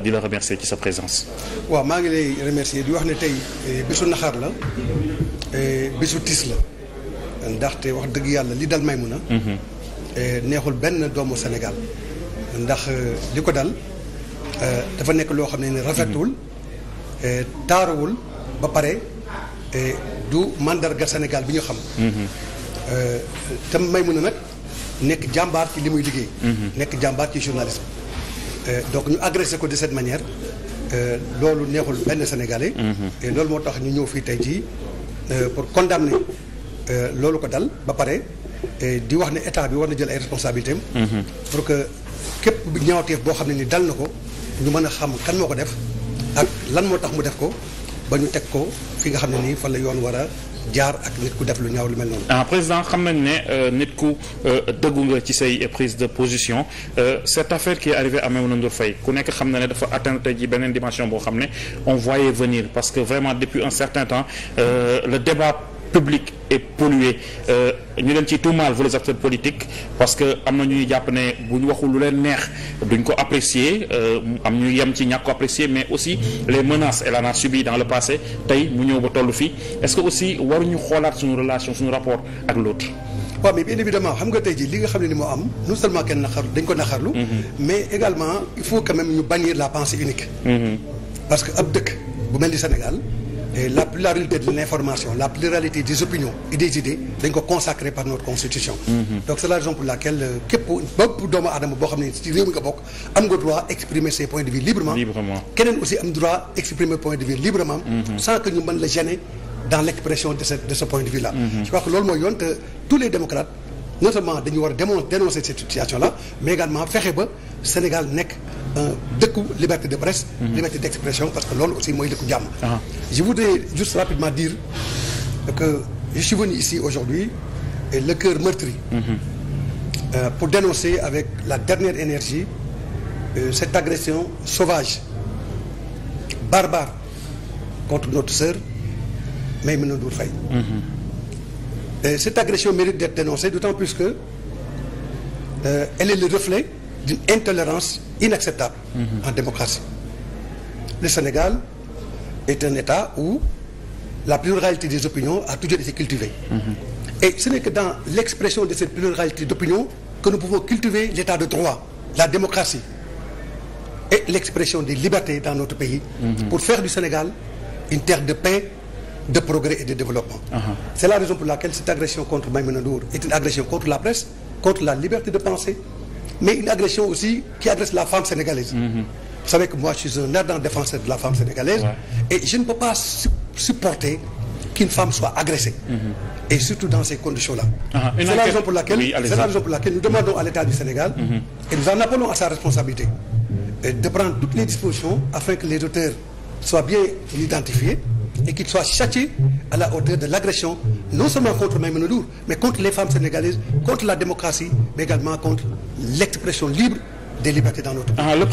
di la remercier ci sa présence. waaw maa ngi lay remercier di wax ne tey eh, bisu naxaar la eh, bisu tiis la ndaxte wax dëgg yàlla li dal may a mhm. eh, neexul benn doomu Sénégal ndax li ko dal dafa nekk loo xam ne ni rafetul mhm. taaruwul ba pare du mandarga Sénégal bi ñu xam mhm. te Maymuna nag nekk jàmbaar ci li muy liggéey nekk jàmbaar ci journalisme Euh, donc ñu agressé ko de cette manière euh, loolu neexul benn sénégalais. Mhm. et loolu moo tax ñu ñëw fii tey jii euh, pour condamner loolu ko dal ba pare di wax ne état bi war na jël ay responsabilités am. Mhm. pour que képp ñaawteef boo xam ne ni dal na ko ñu mën a xam kan moo ko def ak lan moo tax mu def ko ba ñu teg ko fi nga xam ne nii fan la yoon war a. jaar ak ku def lu ñaaw lu mel noonu. Ah, président xam nañ ne euh, nit ku euh, dëggu nga ci say prise de position euh, cette affaire qui est arrivée à Maimouna Ndour Faye ku nekk xam na ne dafa atteindre tey ji beneen dimension boo xam ne on voyait venir parce que vraiment depuis un certain temps le débat. public est pollué euh, ñu leen ci tuumaal vous les acteurs politique parce que am na ñuy jàpp ne bu ñu waxul lu leen neex duñ ko apprécier euh, am ñu yem ci ñàkk ko apprécier mais aussi les menaces elle en a subi dans le passé tey mu ñëw ba toll fii est-ce que aussi waruñu xoolaat suñu relation suñu rapport ak l'autre waaw mais bien évidemment xam nga tey jii li nga xam ne ni moo am non seulement kenn naxarlu dañ ko naxarlu mhm. mais également il faut quand même ñu bannir la pensée unique mhm. parce que ab dëkk bu mel ni Sénégal et la pluralité de l'information la pluralité des opinions et des dañ ko consacré par notre constitution mhm. donc c'est la raison pour laquelle euh, képp bépp doomu aadama boo xam ne ci réew mi nga bokk am nga droit exprimer ses points de vue librement keneen aussi am droit exprimer point de vue librement mhm. sans que ñu mën la gêner dans l'expression de ce point de vue là mhm. je crois que loolu mooy yoon te tous les démocrates non seulement dañu war a dénoncer cette situation là mais également dëkku liberté de presse. Mhm. liberté d' expression parce que loolu aussi mooy dëkku jàmm. Ah. je voudrais juste rapidement dire que je suis venu ici aujourd'hui et le cœur meurtri. Mhm. Euh, pour dénoncer avec la dernière énergie euh, cette agression sauvage, barbare contre notre sœur Maïmouna Ndour Faye. Mm -hmm. Et cette agression mérite d'être dénoncée, d'autant plus que euh, elle est le reflet d'une intolérance inacceptable mmh. en démocratie. Le Sénégal est un État où la pluralité des opinions a toujours été cultivée. Mmh. Et ce n'est que dans l'expression de cette pluralité d'opinions que nous pouvons cultiver l'état de droit, la démocratie et l'expression des libertés dans notre pays mhm. pour faire du Sénégal une terre de paix, de progrès et de développement. C'est la raison pour laquelle cette agression contre Maïmouna Ndour est une agression contre la presse, contre mais une agression aussi qui agresse la femme sénégalaise. Mmh. Vous savez que moi je suis un ardent défenseur de la femme sénégalaise. Ouais. Et je ne peux pas su supporter qu'une femme soit agressée. Mmh. Et surtout dans ces conditions-là. Ah, c'est la raison pour laquelle, oui, c'est la raison pour laquelle nous demandons à l'État du Sénégal mhm. et nous en appelons à sa responsabilité et euh, de prendre toutes les dispositions afin que les auteurs soient bien identifiés. et qu'il soit châtié à la hauteur de l'agression, non seulement contre Maïmouna Ndour, mais contre les femmes sénégalaises, contre la démocratie, mais également contre l'expression libre des libertés dans notre pays. Ah,